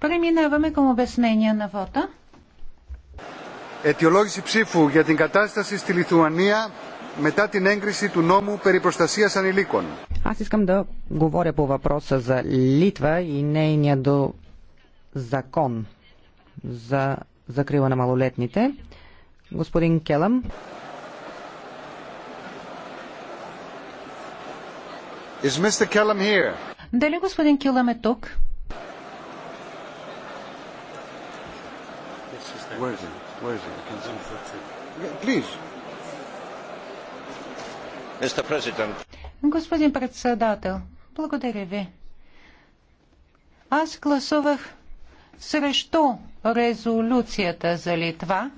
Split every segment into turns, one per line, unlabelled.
Преминаваме към обяснение на вода. Αιτιολόγηση ψήφου για την κατάσταση στη Λιθουανία μετά την έγκριση του νόμου περί προστασίας ανηλίκων. Аз
искам да говоря по въпроса за Литва и нейния до закон за закрива на малолетните. Господин Келъм.
Is Mr. Kellum here? Дали господин Килъм е тук? Господин председател, благодаря ви. Аз гласувах срещу резолюцията за Литва,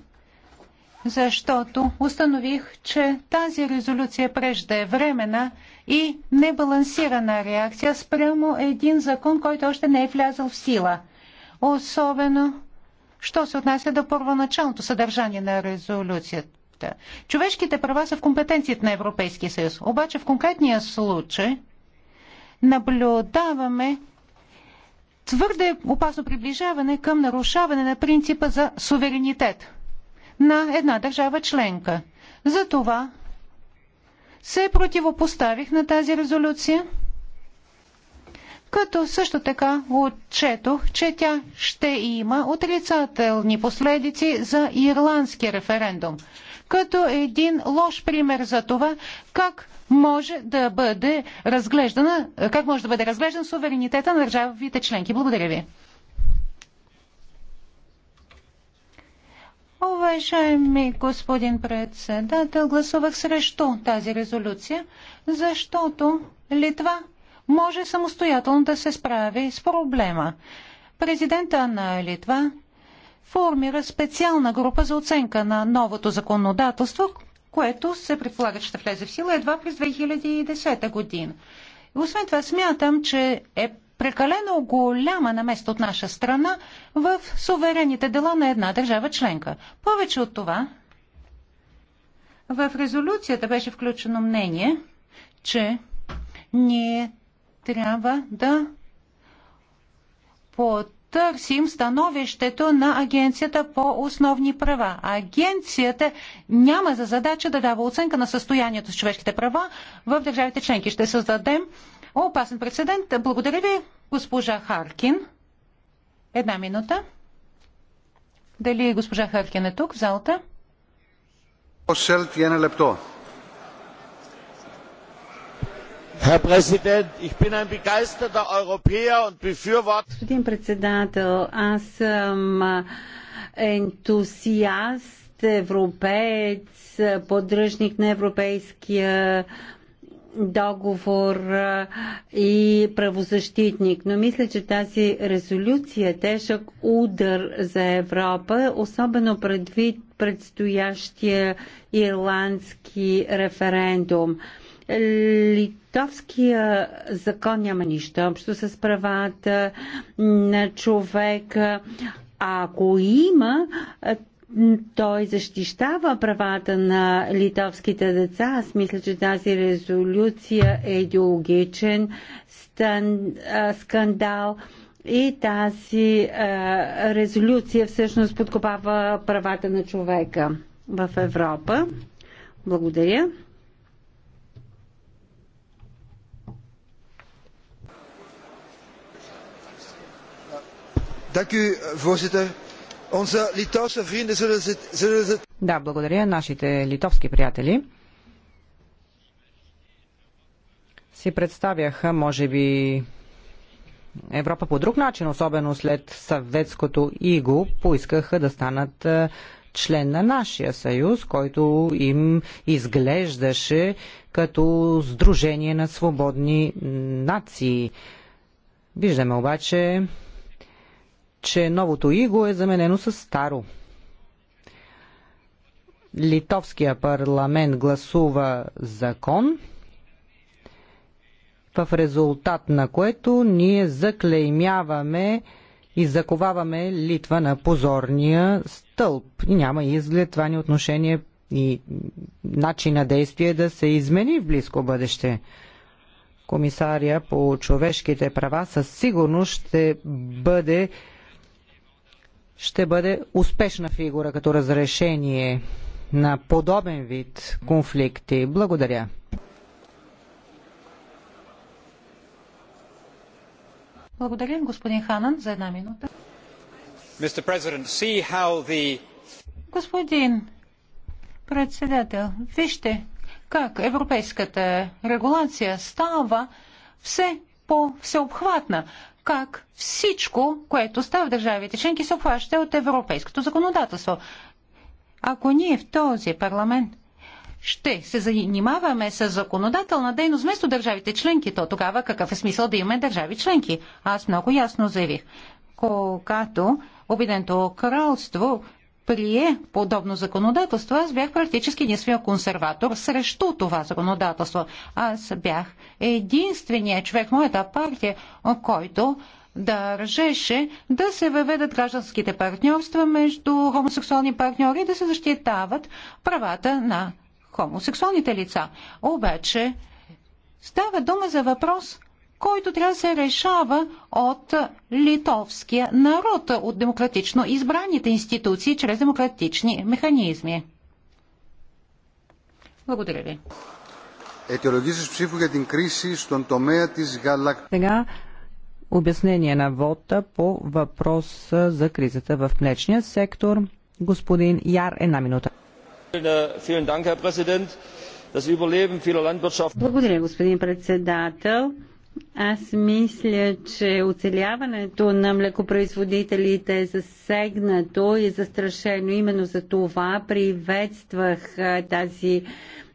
защото установих, че тази резолюция е времена и небалансирана реакция спрямо един закон, който още не е влязъл в сила. Особено, що се отнася до първоначалното съдържание на резолюцията. Човешките права са в компетенцията на Европейския съюз. Обаче в конкретния случай наблюдаваме твърде опасно приближаване към нарушаване на принципа за суверенитет – на една държава членка. Затова се противопоставих на тази резолюция, като също така отчетох, че тя ще има отрицателни последици за ирландски референдум, като един лош пример за това как може да бъде разглеждана, как може да бъде разглеждан суверенитета на държавите членки. Благодаря ви. Уважаеми господин председател, гласувах срещу тази резолюция, защото Литва може самостоятелно да се справи с проблема. Президента на Литва формира специална група за оценка на новото законодателство, което се предполага, че ще влезе в сила едва през 2010 година. Освен това, смятам, че е прекалено голяма намест от наша страна в суверените дела на една държава членка. Повече от това, в резолюцията беше включено мнение, че ние трябва да потърсим становището на Агенцията по основни права. Агенцията няма за задача да дава оценка на състоянието с човешките права в държавите членки. Ще създадем Опасен прецедент. Благодаря ви, госпожа Харкин. Една минута. Дали госпожа Харкин е тук в залата?
едно лепто. Господин председател, аз съм ентусиаст, европеец, поддръжник на европейския договор и правозащитник. Но мисля, че тази резолюция е тежък удар за Европа, особено предвид предстоящия ирландски референдум. Литовския закон няма нищо общо с правата на човека. А ако има, той защищава правата на литовските деца. Аз мисля, че тази резолюция е идеологичен стан, а, скандал и тази а, резолюция всъщност подкопава правата на човека в Европа. Благодаря. Dank u,
voorzitter.
Да, благодаря нашите литовски приятели. Си представяха, може би, Европа по друг начин, особено след съветското иго, поискаха да станат е, член на нашия съюз, който им изглеждаше като Сдружение на свободни нации. Виждаме обаче че новото иго е заменено с старо. Литовския парламент гласува закон, в резултат на което ние заклеймяваме и заковаваме Литва на позорния стълб. И няма изглед това ни отношение и начин на действие да се измени в близко бъдеще. Комисария по човешките права със сигурност ще бъде ще бъде успешна фигура като разрешение на подобен вид конфликти. Благодаря.
Благодаря, господин Ханан, за една минута. Господин председател, вижте как европейската регулация става все по-всеобхватна как всичко, което става в държавите членки, се обхваща от европейското законодателство. Ако ние в този парламент ще се занимаваме с законодателна дейност вместо държавите членки, то тогава какъв е смисъл да имаме държави членки? Аз много ясно заявих. Когато Обиденто кралство прие подобно законодателство, аз бях практически единствения консерватор срещу това законодателство. Аз бях единственият човек в моята партия, който държеше да се въведат гражданските партньорства между хомосексуални партньори и да се защитават правата на хомосексуалните лица. Обаче става дума за въпрос, който трябва да се решава от литовския народ, от демократично избраните институции чрез демократични механизми. Благодаря ви.
Сега обяснение на вода по въпроса за кризата в млечния сектор. Господин Яр, една минута.
Благодаря, господин председател. Аз мисля, че оцеляването на млекопроизводителите е засегнато и е застрашено. Именно за това приветствах тази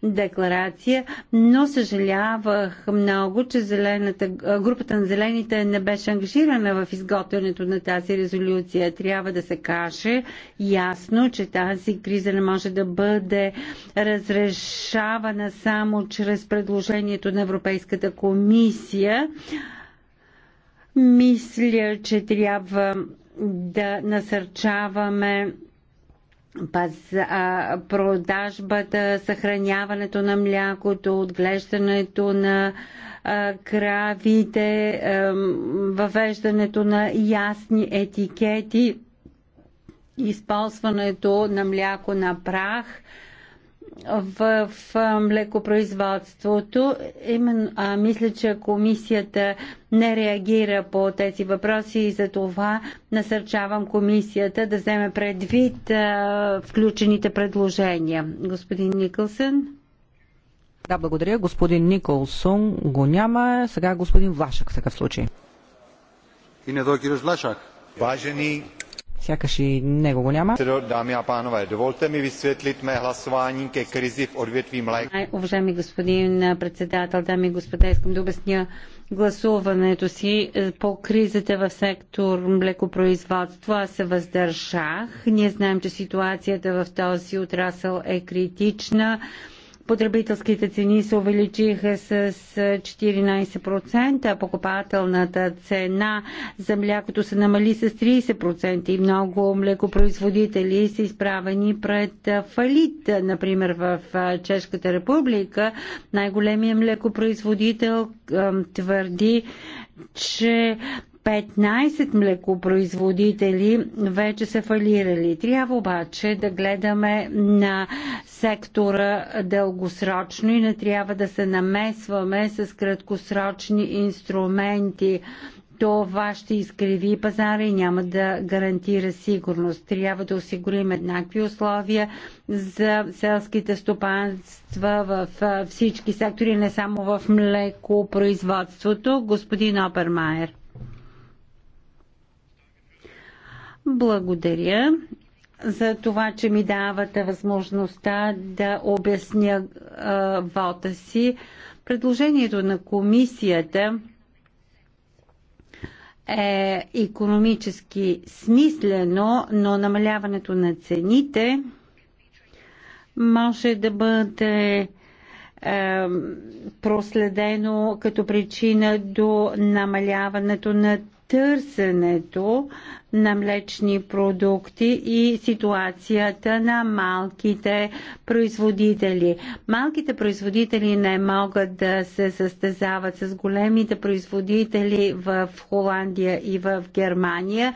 декларация, но съжалявах много, че зелената, групата на зелените не беше ангажирана в изготвянето на тази резолюция. Трябва да се каже ясно, че тази криза не може да бъде разрешавана само чрез предложението на Европейската комисия. Мисля, че трябва да насърчаваме продажбата, съхраняването на млякото, отглеждането на кравите, въвеждането на ясни етикети, използването на мляко на прах – в, в млекопроизводството. Именно, а, мисля, че комисията не реагира по тези въпроси и за това насърчавам комисията да вземе предвид а, включените предложения. Господин Никълсън.
Да, благодаря. Господин Николсон го няма. Сега господин Влашък в такъв случай.
И не до Влашък. Важени Сякаш и него го няма. Дами и панове, доволте ми висветлит мое гласование ке кризи в ответви млека. Уважаеми господин председател, дами и господа, искам да обясня гласуването си е, по кризата в сектор млекопроизводство. Аз се въздържах. Ние знаем, че ситуацията в този отрасъл е критична. Потребителските цени се увеличиха с 14%, а покупателната цена за млякото се намали с 30% и много млекопроизводители са изправени пред фалит. Например, в Чешката република най-големият млекопроизводител твърди, че 15 млекопроизводители вече са фалирали. Трябва обаче да гледаме на сектора дългосрочно и не трябва да се намесваме с краткосрочни инструменти това ще изкриви пазара и няма да гарантира сигурност. Трябва да осигурим еднакви условия за селските стопанства в всички сектори, не само в млекопроизводството. Господин Опермайер. Благодаря за това, че ми давате възможността да обясня а, вота си. Предложението на комисията е економически смислено, но намаляването на цените може да бъде е, проследено като причина до намаляването на търсенето на млечни продукти и ситуацията на малките производители. Малките производители не могат да се състезават с големите производители в Холандия и в Германия.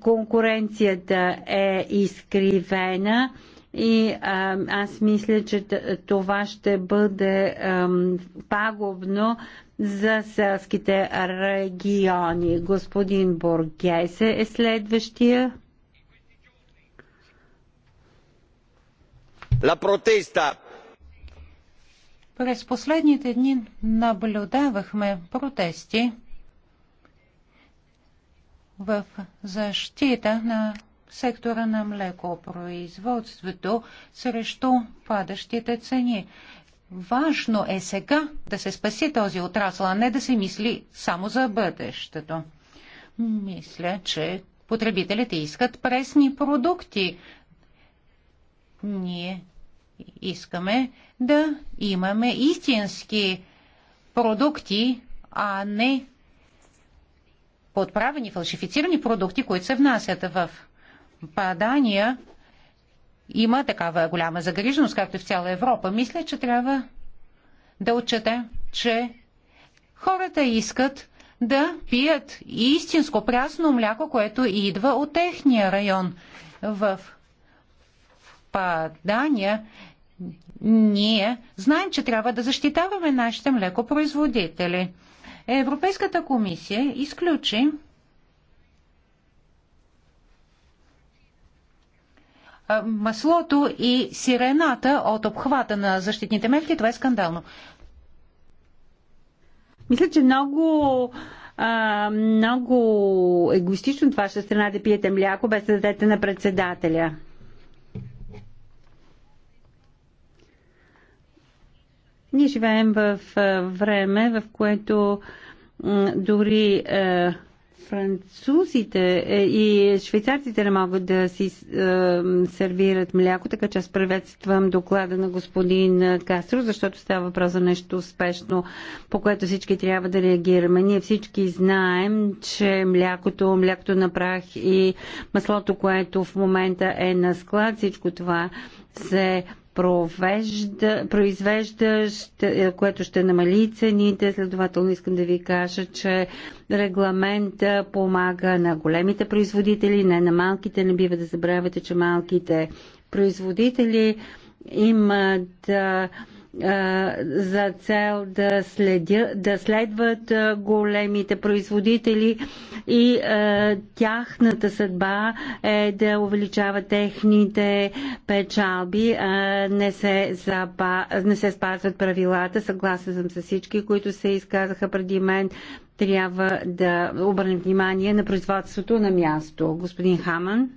Конкуренцията е изкривена и а, аз мисля, че това ще бъде а, пагубно за селските региони. Господин Бургейсе е следващия. La протеста
през последните дни наблюдавахме протести в защита на сектора на млекопроизводството срещу падащите цени. Важно е сега да се спаси този отрасъл, а не да се мисли само за бъдещето. Мисля, че потребителите искат пресни продукти. Ние искаме да имаме истински продукти, а не подправени фалшифицирани продукти, които се внасят в Падания има такава голяма загриженост, както в цяла Европа. Мисля, че трябва да отчете, че хората искат да пият истинско прясно мляко, което идва от техния район. В Падания ние знаем, че трябва да защитаваме нашите млекопроизводители. Европейската комисия изключи маслото и сирената от обхвата на защитните мерки. Това е скандално.
Мисля, че много а, много егоистично от ваша страна да пиете мляко без да дадете на председателя. Ние живеем в време, в което дори французите е, и швейцарците не могат да си е, сервират мляко, така че аз приветствам доклада на господин Кастро, защото става въпрос за нещо успешно, по което всички трябва да реагираме. Ние всички знаем, че млякото, млякото на прах и маслото, което в момента е на склад, всичко това се провежда, произвеждаш, е, което ще намали цените. Следователно искам да ви кажа, че регламента помага на големите производители, не на малките. Не бива да забравяте, че малките производители имат за цел да, следя, да следват големите производители и тяхната съдба е да увеличава техните печалби. Не се, запа, не се спазват правилата. Съгласен съм с всички, които се изказаха преди мен. Трябва да обърнем внимание на производството на място. Господин Хаман.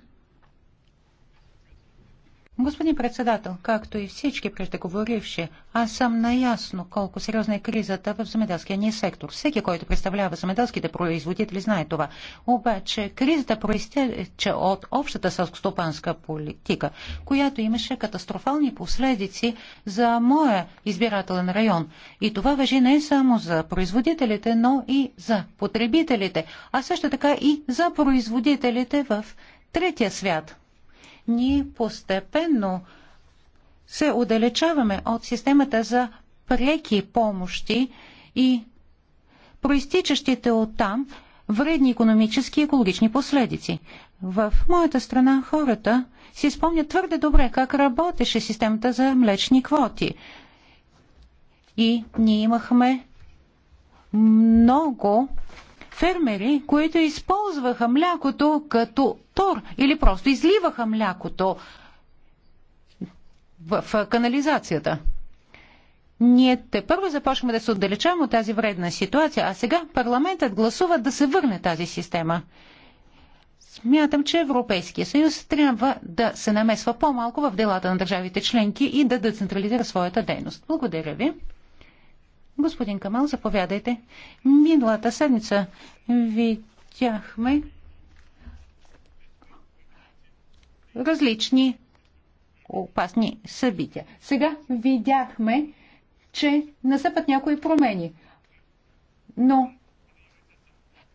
Господин председател, както и всички
преждеговоривши, аз съм наясно колко сериозна е кризата в земеделския ни сектор. Всеки, който представлява земеделските производители, знае това. Обаче кризата проистече от общата селскостопанска политика, която имаше катастрофални последици за моя избирателен район. И това въжи не само за производителите, но и за потребителите, а също така и за производителите в третия свят ние постепенно се отдалечаваме от системата за преки помощи и проистичащите от там вредни економически и екологични последици. В моята страна хората си спомнят твърде добре как работеше системата за млечни квоти. И ние имахме много фермери, които използваха млякото като стор или просто изливаха млякото в канализацията. Ние те първо започваме да се отдалечаваме от тази вредна ситуация, а сега парламентът гласува да се върне тази система. Смятам, че Европейския съюз трябва да се намесва по-малко в делата на държавите членки и да децентрализира своята дейност. Благодаря ви. Господин Камал, заповядайте. Миналата седмица видяхме различни опасни събития. Сега видяхме, че насъпват някои промени. Но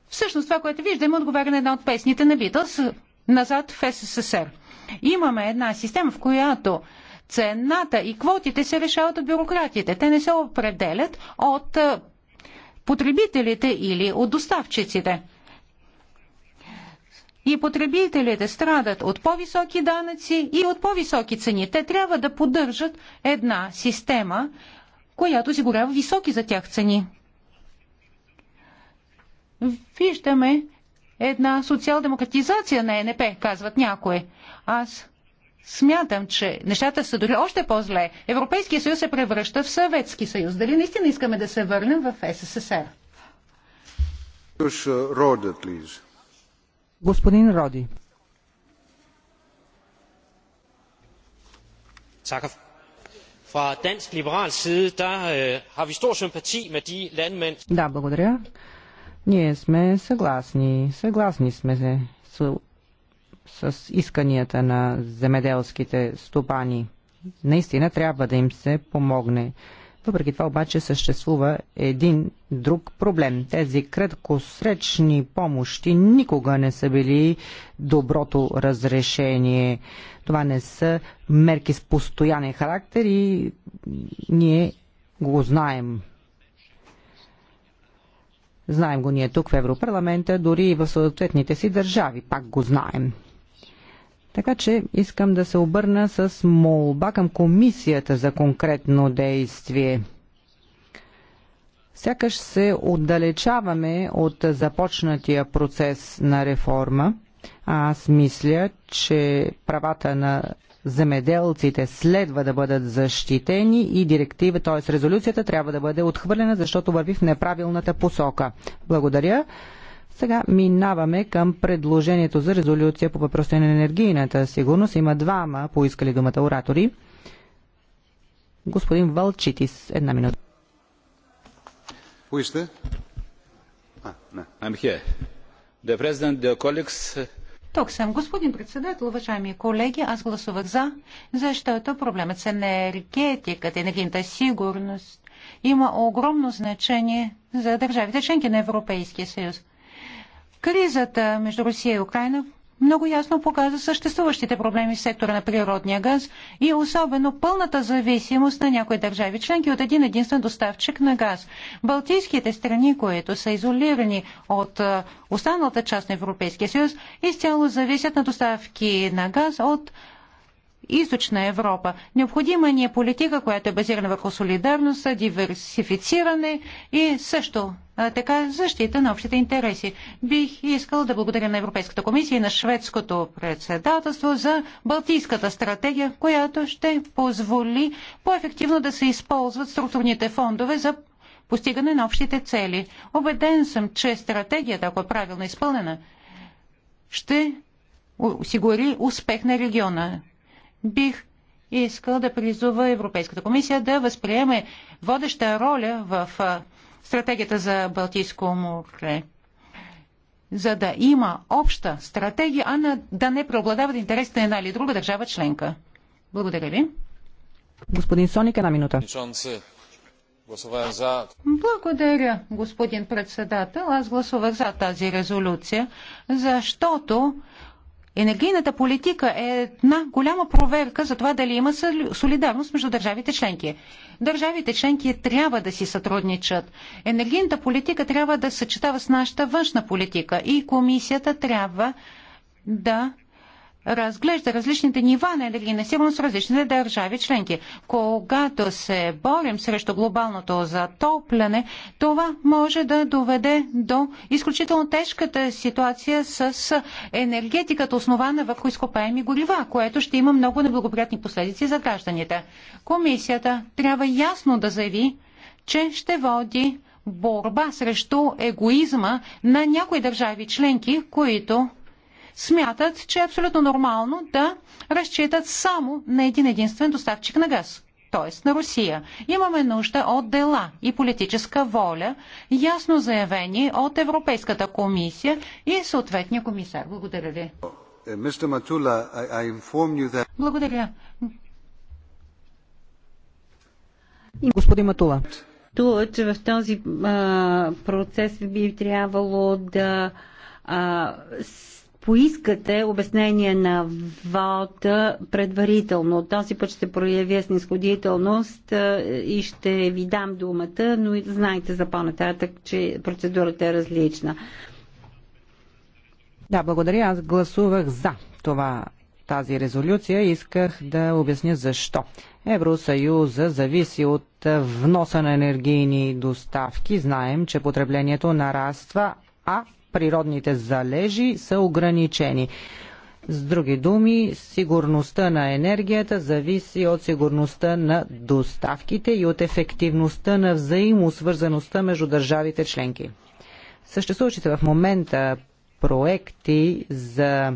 всъщност това, което виждаме, отговаря на една от песните на Битълс назад в СССР. Имаме една система, в която цената и квотите се решават от бюрократите. Те не се определят от потребителите или от доставчиците и потребителите страдат от по-високи данъци и от по-високи цени. Те трябва да поддържат една система, която осигурява високи за тях цени. Виждаме една социал-демократизация на ЕНП, казват някои. Аз смятам, че нещата са дори още по-зле. Европейския съюз се превръща в Съветски съюз. Дали наистина искаме да се върнем в СССР? Родът,
Господин Роди. Tak. Fra dansk liberal side, der øh, har vi stor sympati med de landmænd. Да, благодаря. Ние сме съгласни. Съгласни сме се с, с исканията на земеделските стопани. Наистина трябва да им се помогне. Въпреки това обаче съществува един друг проблем. Тези краткосречни помощи никога не са били доброто разрешение. Това не са мерки с постоянен характер и ние го знаем. Знаем го ние тук в Европарламента, дори и в съответните си държави. Пак го знаем. Така че искам да се обърна с молба към комисията за конкретно действие. Сякаш се отдалечаваме от започнатия процес на реформа. Аз мисля, че правата на земеделците следва да бъдат защитени и директива, т.е. резолюцията трябва да бъде отхвърлена, защото върви в неправилната посока. Благодаря. Сега минаваме към предложението за резолюция по въпроса на енергийната сигурност. Има двама поискали думата оратори. Господин Валчитис, една минута.
Who А, не. I'm here. The president, the colleagues, тук съм. Господин председател, уважаеми колеги, аз гласувах за, защото проблемът с енергетиката, енергийната сигурност има огромно значение за държавите членки на Европейския съюз. Кризата между Русия и Украина много ясно показва съществуващите проблеми в сектора на природния газ и особено пълната зависимост на някои държави членки от един единствен доставчик на газ. Балтийските страни, които са изолирани от останалата част на Европейския съюз, изцяло зависят на доставки на газ от източна Европа. Необходима ни е политика, която е базирана върху солидарност, диверсифициране и също така защита на общите интереси. Бих искал да благодаря на Европейската комисия и на шведското председателство за Балтийската стратегия, която ще позволи по-ефективно да се използват структурните фондове за постигане на общите цели. Обеден съм, че стратегията, ако е правилно изпълнена, ще осигури успех на региона. Бих искал да призова Европейската комисия да възприеме водеща роля в стратегията за Балтийско море. За да има обща стратегия, а на, да не преобладават интересите на една или друга държава членка. Благодаря ви.
Господин Соник, една минута.
Благодаря, господин председател. Аз гласувах за тази резолюция, защото Енергийната политика е една голяма проверка за това дали има солидарност между държавите членки. Държавите членки трябва да си сътрудничат. Енергийната политика трябва да съчетава с нашата външна политика и комисията трябва да разглежда различните нива на енергийна сигурност в различните държави членки. Когато се борим срещу глобалното затопляне, това може да доведе до изключително тежката ситуация с енергетиката, основана върху изкопаеми горива, което ще има много неблагоприятни последици за гражданите. Комисията трябва ясно да заяви, че ще води борба срещу егоизма на някои държави членки, които смятат, че е абсолютно нормално да разчитат само на един единствен доставчик на газ т.е. на Русия. Имаме нужда от дела и политическа воля, ясно заявени от Европейската комисия и съответния комисар. Благодаря ви. Е,
Благодаря. Господин Матула. Тула, че в този а, процес би трябвало да а, поискате обяснение на вода предварително. Този път ще проявя снисходителност и ще ви дам думата, но и знаете за по-нататък, че процедурата е различна. Да, благодаря. Аз гласувах за
това тази резолюция. Исках да обясня защо. Евросъюза зависи от вноса на енергийни доставки. Знаем, че потреблението нараства, а природните залежи са ограничени. С други думи, сигурността на енергията зависи от сигурността на доставките и от ефективността на взаимосвързаността между държавите членки. Съществуващите в момента проекти за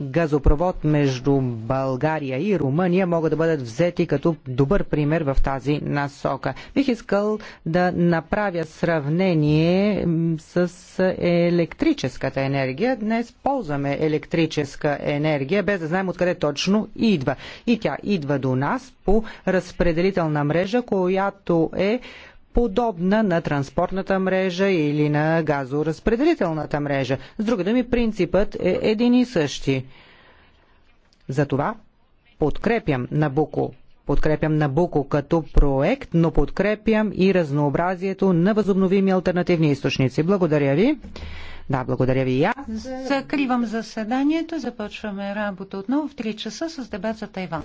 газопровод между България и Румъния могат да бъдат взети като добър пример в тази насока. Бих искал да направя сравнение с електрическата енергия. Днес ползваме електрическа енергия, без да знаем откъде точно идва. И тя идва до нас по разпределителна мрежа, която е подобна на транспортната мрежа или на газоразпределителната мрежа. С друга думи, принципът е един и същи. Затова подкрепям Набуко. Подкрепям Набуко като проект, но подкрепям и разнообразието на възобновими альтернативни източници. Благодаря ви. Да, благодаря ви и аз.
Закривам заседанието. Започваме работа отново в 3 часа с дебат за Тайван.